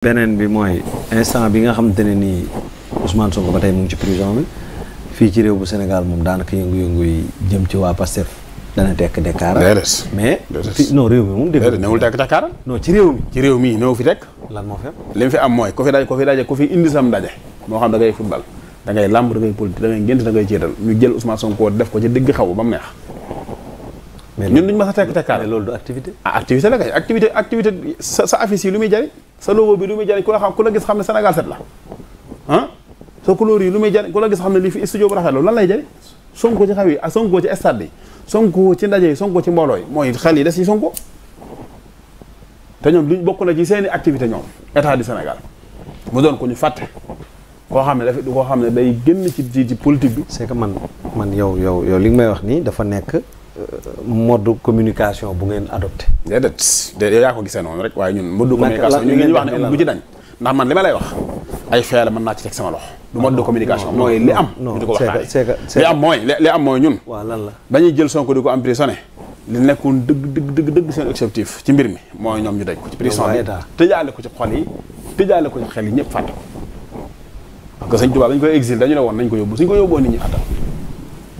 beneen bi mooy instant bi nga xamante ne nii Ousmane Sonko ba tey mu ci prison bi fii ci réew bu Sénégal moom daanaka yëngu-yëngu jëm ci waa Pastef dana tekk Dakar. mais non réew mi moom dégg newul tekk Dakar. non ci réew mi. mi néew fi tekk. lan fi am li mu fi am mooy ku fi daje ku fi indi sam daje. moo xam da ngay football da ngay làmb da ngay politique da ngay ngént da ngay ceetal ñu jël Ousmane Sonko def ko ci digg xaw ba mu neex. ñun ma sa tekk Dakar. loolu du activité. ah activité la kay activité activité sa sa lu muy jariñ sa logo bi lu muy jariñ ku la xam ku la gis xam ne Sénégal set la sa couleur yi lu muy jariñ ku la gis xam ne lii fi studio bu rafet la lan lay jariñ Sonko ci xaw yi ak Sonko ci stade yi Sonko ci ndaje yi Sonko ci mboolooy mooy xel yi des ci Sonko te ñoom duñ bokk na ci seeni activité ñoom état du Sénégal mu doon ko ñu fàtte koo xam ne dafa koo xam ne day génn ci ci politique bi. c'est que man man yow yow yow li nga may wax nii dafa nekk. mode communication bu ngeen adopté. déedéet déedéet yaa ko gisee noonu rek waaye ñun mode communication ñun li ñuy wax ne amul lu ci dañ. ndax man li ma lay wax ay fee la mën naa ci teg sama loxo. du mode ah, de communication mooy li am. non non c'est que li am lan la dañuy jël Sonko di ko emprisonné. li nekkoon dëgg dëgg dëgg dëgg seen objectif ci mbir mi mooy ñoom ñu daj ko ci prison bi tëjaale ko ci xol yi tëjaale ko ci xel yi ñëpp fàtte ko parce que sëñ Tuubaa dañ koy exil dañu ne woon nañ ko yóbbu suñ ko yóbboo nit ñi fàtte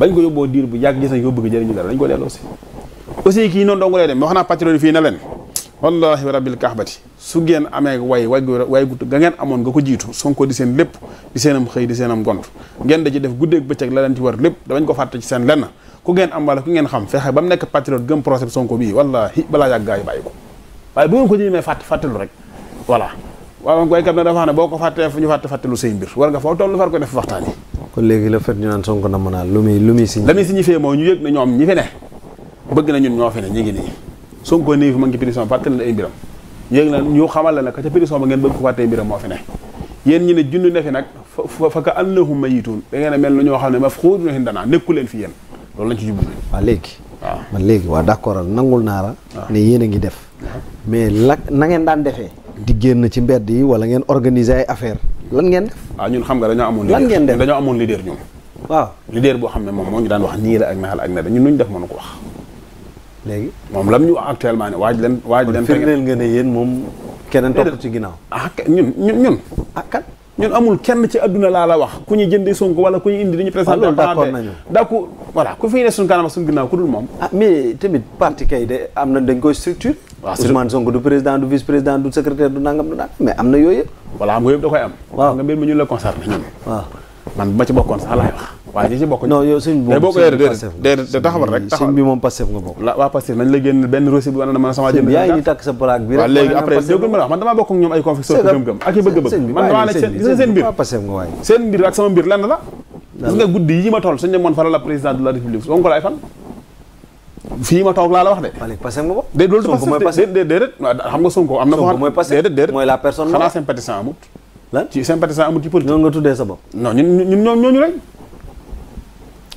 bañ ko yóbboo diir bu yàgg gis nañ ko bëgg jëriñu dara dañ ko delloo si aussi kii noonu dong lay dem wax naa patriote fii ne leen wallahi rabbil kaxbati su ngeen amee way way ga ko jiitu Sonko di seen lépp di seenam xëy di seenam ngeen da ci def guddeeg bëccëg la leen ci war lépp dabañ ko fàtte ci seen lenn ku ngeen am wala ku ngeen xam fexe ba mu nekk patriote gëm procès Sonko bii wallahi balaa yàgg gaa yi bàyyi ko waaye bu ngeen ko jëmee fàtte fàttelu rek voilà waaw waykat na dafa xam ne boo ko fàttee fu ñu fàtte fàttelu say mbir war nga foo toll far ko def ko léegi la fait ñu naan Sonko na mën a lu muy lu muy signifié. la muy signifié mooy ñu yëg ne ñoom ñi fi ne bëgg na ñun ñoo fi ne ñu ngi nii Sonko nii fi ma ngi prison fàttali la ay mbiram yéeg na ñu xamal la nag ca prison ba ngeen bëgg ko fàtte ay mbiram ne yéen ñi ne junni ne fi nag fa ka annahum mayituun da ngeen a mel na ñoo xam ne maf xóodu na danaa nekku leen fi yéen loolu lañ ci jublu waaw léegi waaw man a waaw nangul naa la ne yéen ngi def mais la na ngeen daan defee di génn ci mbedd yi wala ngeen organiser ay affaire lan ngeen def. waaw ah, ñun xam nga dañoo amoon. ngeen def dañoo amoon leader ñoom. waaw leader boo xam ne moom moo ñu daan wax nii la ak naxal ak na ñun lu ñu def mënu ko wax. léegi moom lam ñu wax actuellement ne waaj leen. waaj leen firndeel nga ne yéen moom. keneen topp ci ginnaaw ah ñun ñun ñun. ah kat ñun amul kenn ci àdduna laa la wax ku ñu jëndee Sonko wala ku ñu indi ñu présenté ah, d'accord nañu d'accord voilà ku fi ne suñu kanam suñu ginnaaw ku dul moom ah mais tamit parti kay de am na dañ koy structure Ousmane Sonko du président du vice président du secrétaire du nangam du nangam mais am na yooyu yëpp voilà am nga yëpp da koy am waaw nga mbir mi ñu ñun man ma ci bokkoon sax laay wax waaw ñi bokk non yow bi moom Pastef nga bokk waa Pastef nañ la génn benn reçu bi na man sama jënd bi rek waaw léegi après dégg ma la wax man damaa bokk ñoom ay conviction gëm bëgg man damaa ne seen seen mbir seen nga guddi yi ma toll suñ ne moon faral la président de république soo ko laay wax de. loolu déedéet xam nga Sonko am na. Sonko mooy Pastef déedéet déedéet. mooy la personne xanaa sympathisant amut. lan ci sympathisant amut ci politique. ñooñu nga tuddee sa bopp. non ñun ñun ñooñu rek.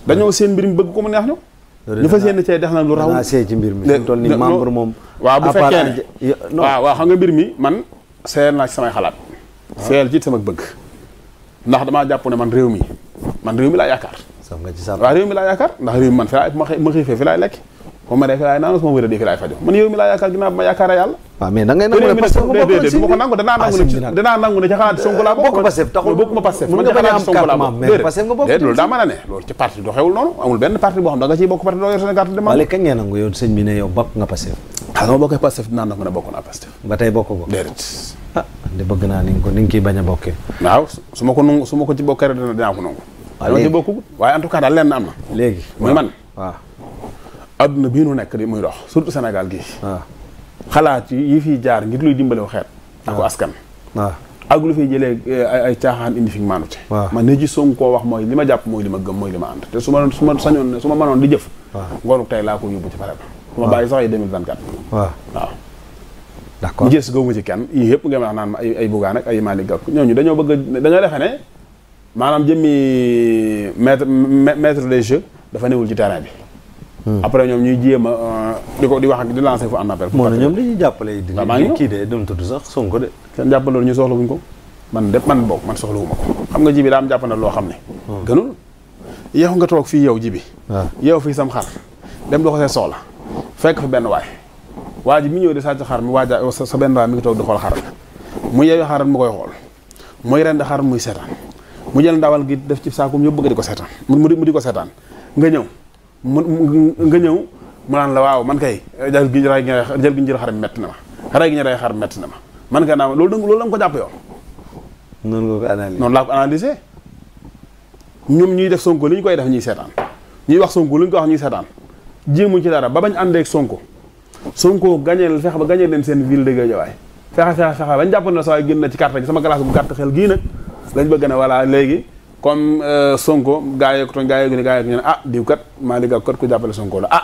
dañoo seen mbir mi bëgg ko mu neex ñu. ñu fas yéene cee dex na lu raw. danaa seey ci mbir mi fi mu toll nii membre moom. waaw bu fekkee ne waaw waaw xam nga mbir mi man. seeyal naa ci samay xalaat. Ah. seeyal ci sama bëgg. ndax damaa jàpp ne man réew mi man réew mi laa yaakaar. sax nga réew mi laa yaakaar ndax réew mi man fi laa ma xëy fi laay lekk comme ma defi laay naanu sama man yaakaar a yàlla waaw mais da nangu ne Pastef taxul bokk nga Pastef nga bokk déedéet ci bokk ah, naa Pastef ko déedéet ah bañ a bokkee waaw su ma ko ci bokkee rek dinaa ko nangu dama ci bokk waaye en daal lenn am na léegi mooy man waaw adduna bii nu nekk di muy dox surtout Sénégal gi ah. xalaat yi fiy jaar ngir luy dimbalew xeet ah. ak askan ah. ak lu fi jëlee eh, ay caaxaan indi fi maanute man ne ci song koo wax mooy li ma jàpp mooy li ma gëm mooy li ma ànd te su ma su ma sañoon su ma manoon di jëf ngoonu tey laa ko yóbbu ci pare ba su ma bàyyi sax ay 2024 waaw waaw d'accord gis gëwuma ci kenn yii yëpp nga wax naan ma ay ay Bougane ak ay Malick Gakou ñooñu dañoo bëgg dañoo defe ne maanaam jëmmi maître maître des jeux dafa newul ci terrain bi Hmm. après ñoom ñuy jéem a euh, di ko di wax ak di lancer fu am appel. moo ne ñoom dañuy jàppale. di kii de doon tudd sax Sonko de. kenn ñu soxla wuñ ko man de man boog man soxla wu ma ko xam nga ji bi daa am jàppandal loo xam ne. Hmm. gënul yow nga toog fii yow ji bi. Ah. yow fii sam xar dem doxasee soxla fekk fa benn waay waa ji mi ñëw di sàcc xar mi waajaa sa benn waay mi ngi toog di xool xar mu yeewi xaral mu koy xool muy rend xar muy seetaan mu jël ndawal gi def ci saakum yóbbu nga di ko seetaan mu di ko seetaan nga ñëw mu nga ñëw mu naan la waaw man kay jël gi ray jël gi njël xar metti na ma ray gi ñu xar metti na ma man kay naa ma loolu loolu la nga ko jàpp yow noonu nga ko analyser noonu laa ko analyser ñoom ñuy def sonko li ñu koy def ñuy seetaan ñuy wax sonko li ñu koy wax ñuy seetaan jéemuñ ci dara ba bañ àndee ak sonko sonko gañeel fexe ba gañee leen seen ville de Guédiawaye fexe fexe fexe bañ jàpp ne la sa waay génn na ci carte gi sama classe bu gàtt xel gii nag lañ bëgg ne voilà léegi comme euh, Sonko gaa yeeg tooñ gaa yeeg ne gaa yeeg ñu ne ah diw kat Malick Gakou kat ku jàppale Sonko la ah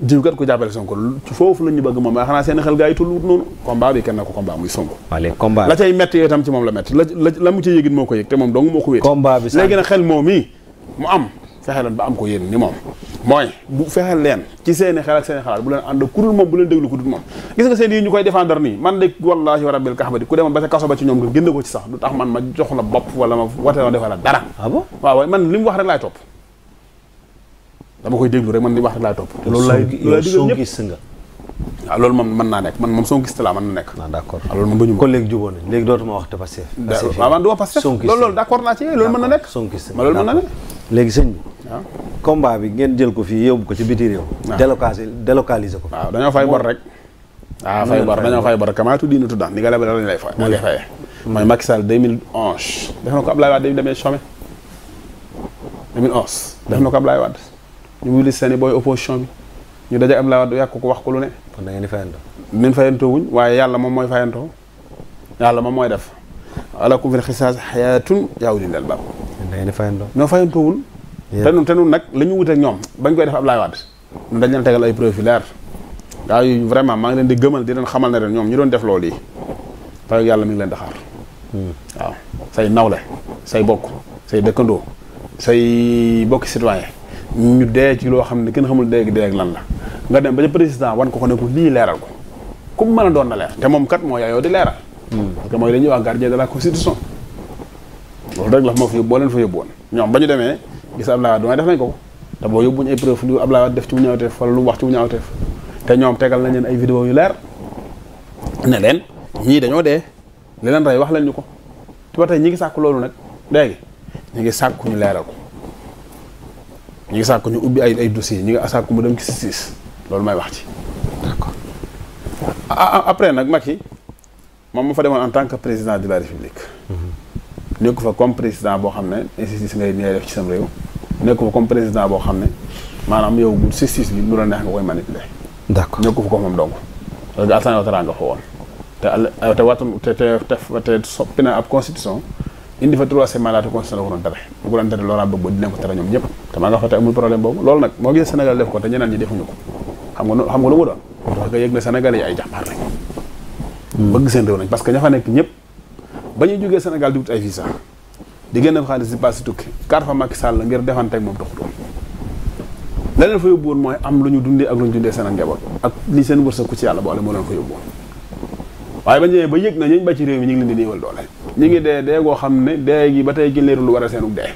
diw kat ku jàppale Sonko la foofu la ñu bëgg moom waaye xanaa seen xel gaa yi tulluwut noonu combat bi kenn na ko combat muy Sonko la cay metti itam ci moom la metti la la mu ci yëgit moo ko yëg te moom dong moo ko wéet léegi nag xel moom mii mu am fexe leen ba am ko yéen ni moom mooy bu fexe leen leen ànd ku dul moom bu leen déglu ku dul moom gis koy défendre nii man de wallaahi wa rabbil kaaba di ku demoon ah wax rek laay topp dama koy déglu rek man li mu wax rek loolu moom mën naa nekk man moom Sonkiste laa mën na nekk. ah d' accord ah, loolu moom bu léegi jubóo nañ léegi dootuma wax te man du ma Pastef. loolu loolu d' naa ci loolu mën na nekk. Sonkiste loolu mën na nekk. léegi sëñ bi. Ah. combat bi ngeen jël ko fii yóbbu ko ci biti réew. waaw ah. délocaliser délocaliser ko. waaw dañoo fay bor rek. waaw ah, fay bor dañoo fay bor kamaatu diinu tuddan ni nga lebe dara lañ lay fay. moo lay fayee mooy Macky Sall def na ko Ablaye Wade dañu demee Chomé 2011. def na ko Ablaye Wade ñu wuli seen i booy opposition bi ñu daje Ablaye Wade yàkk ko wax ko lu ne. kon da ngeen di fayantoo. ñun fayantoo wuñ waaye yàlla moom mooy fayantoo yàlla moom mooy def. ala kum fil xisaas xayaatun da ngeen di fayandoo. ñoo fayandoowul. te nun te nun nag la ñu ñoom bañ koy def Ablaye Wade. ñun dañ leen tegal ay preuve leer. gaa yu maa ngi leen di gëmal di leen xamal ne ren ñoom ñu doon def loolu yi. pare yàlla mi ngi leen daxaar xaar. Hmm. waaw say nawle say bokk say dëkkandoo say bokki citoyen ñu dee ci loo xam ne kenn xamul dee dee ak lan la nga dem ba ca président wan ko ko ne ko lii leeral ko ku mu mën a doon na leer te moom kat moo yaayoo di leeral. Hmm. parce mooy la ñuy wax gardien de la constitution. Abdou rek la moo fa yóbbu boo leen fa yóbbu woon ñoom ba ñu demee gis Abdoulaye Wade waaye def nañ ko te boo yóbbuñu ay preuve lu Abdoulaye Wade def ci mu ñaawteef wala lu wax ci mu ñaawteef te ñoom tegal nañ leen ay vidéo yu leer ne leen ñii dañoo dee li leen rey wax leen ñu ko te ba tey ñi ngi sàkk loolu nag dégg ñi ngi sàkk ñu leeral ko ñi ngi sàkk ñu ubbi ay ay dossiers ñi ngi sàkk mu dem ci justice loolu may wax ci d'accord après nag Macky moom mu fa demoon en tant que président de la République mm-hmm. nekku fa comme président boo xam ne injustice ngay ngay def ci sam fa comme président boo xam ne maanaam yow bu justice bi lu la neex nga koy manipuler. d'accord ko moom dong. parce que Alassane ko doon tere bu ko doon tere loola ñëpp te maa nga fa te amul problème boobu loolu def ko te ñeneen ñi defuñu ko xam nga xam nga lu parce que yëg yi ay jàmbaar lañ hmm. bëgg seen réew nañ parce que ña fa nekk ñëpp ba ñu jógee senegal di wut ay visa di génn xaalis di paas si tukki kaar fa Macky Sall ngir defante moom doxul woon la leen fa yóbbu mooy am lu ñu dundee ak lu ñu dundee seen ak njaboot ak li seen wërsëg ku ci yàlla boole moo leen fa yóbbu waaye ba ñëwee ba yëg na ñu ba ci réew mi ñu ngi leen di néewal doole ñu ngi dee dee goo xam ne dee gi ba tey gi leerul lu war a seenu dee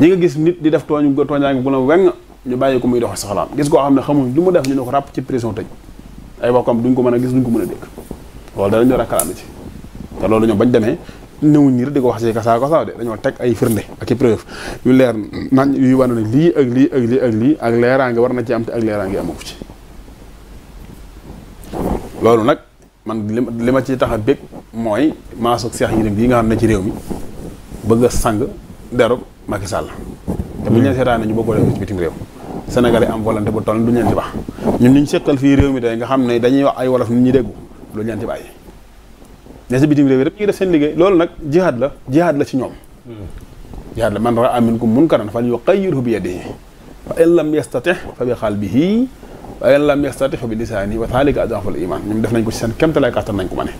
ñi nga gis nit di def tooñ tooñaa ngi bu la weng ñu bàyyi ko muy doxal soxlaam gis koo xam ne xamuñ lu mu def ñu ne ko ràpp ci prison bokkam duñ ko mën a gis duñ ko mën a dégg loolu danañu rakkalaami ci te loolu ñoom bañ demee néew ñi rek di ko wax ci kasaa kasaa de dañoo teg ay firnde ak i preuve yu leer nañ yuy wane ne lii ak lii ak lii ak lii ak leeraange war na ci am te ak leeraange am ci loolu nag man li ma ci tax a bég mooy maasug Seex Yérim yi nga xam ne ci réew mi bëgg a sang derub Macky Sall te bu ñu leen seetaanee ñu bëggoo leen ci bitim réew Sénégal am volonté bu toll du ñu leen ci baax ñun ñu seqal fii réew mi tey nga xam ne dañuy wax ay wolof nit ñi déggu du ñeenti leen ci des bitim réew yëpp ñu ngi def seen liggéey loolu nag jihaad la jihaad la ci ñoom hmm. jihaad la man raa minkum munkaran falyughayyirhu bi yadihi fa in lam yastatih fa bi qalbihi wa in lam yastatih fa bi lisaanihi wa dhalika ad'aful ñoom def nañ ko ci seen kéemtalaay kàttan nañ ko ma ne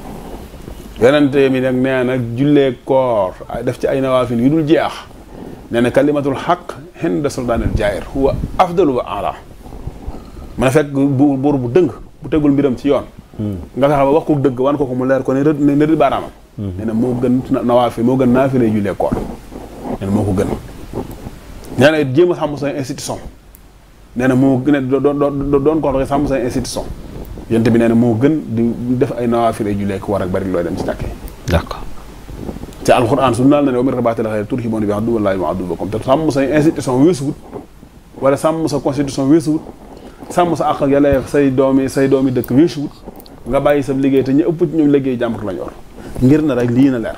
yonente mi nag nee na jullee koor def ci ay nawaafil yu dul jeex nee na kalimatul xaq hinda sultaanil jaayir huwa afdalu wa ala mën a fekk buur bu dëng bu tegul mbiram ci yoon nga taxaw wax ko dëgg wan ko ko mu leer ko ne rëdd ne rëdd baaraamam. Mm-hmm. nee moo gën nawaafi moo gën naafi lay jullee koor nee na moo ko gën. nee it jéem a sàmm say institution nee na moo gën a doon doon doon ko sàmm say institution yent bi nee na moo gën di def ay nawaafi lay jullee war ak bari looy dem ci tàkkee. d'accord. te alxuraan su naal na ne wa min rabaatil xayri turhibuuna bihi aduwwallaahi wa aduwwakum te sàmm say institution weesuwut wala sàmm sa constitution weesuwut sàmm sa àq ak say doomi say doomi dëkk weesuwut nga bàyyi sam liggéey te ñu ëpp ci ñoom liggéey jàmbur la ñu yor ngir na rek lii na leer.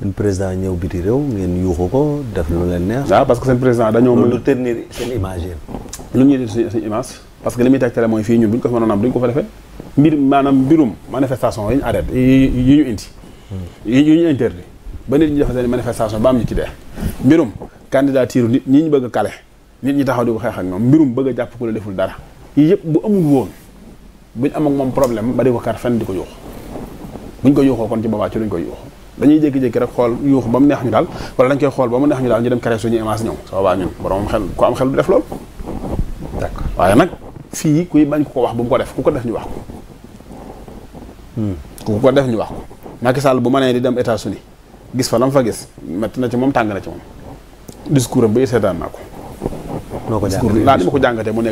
seen président ñëw biti réew ngeen yuuxu ko def lu leen neex. waaw parce que seen président dañoo. mën lu ternir ñuy def seen image parce que li muy tegtale mooy fii ñu bu ko fa mënoon am du ñu ko fa defee maanaam mbirum manifestation yi ñu arrêté yi ñu indi. yi ñu interdit ba nit ñi def seen manifestation ba am ñu ci dee. mbirum candidature nit ñi ñu bëgg a kale nit ñi taxaw di ko ak ñoom mbirum bëgg jàpp ku la deful dara yii yëpp bu amul woon. bu ñu am ak moom problème ba di ko kar fenn di ko yuux bu ñu ko yuuxoo kon ci boobaa ci lu ñu koy yuux dañuy jékki-jékki rek xool yuux ba mu neex ñu daal wala dañ koy xool ba mu neex ñu daal ñu dem créé suñu image ñëw sa ñun borom xel ku def lool waaye nag fii kuy bañ ku ko wax bu mu ko def ku ko def ñu wax ko hmm. ku ko def ñu wax ko Macky Sall bu mënee di dem États-Unis gis fa lam fa gis métti na ci moom tàng na ci moom discours am ba seetaan naa ko. noo ko jàngatee laa di ma ko jàngatee mu nekk.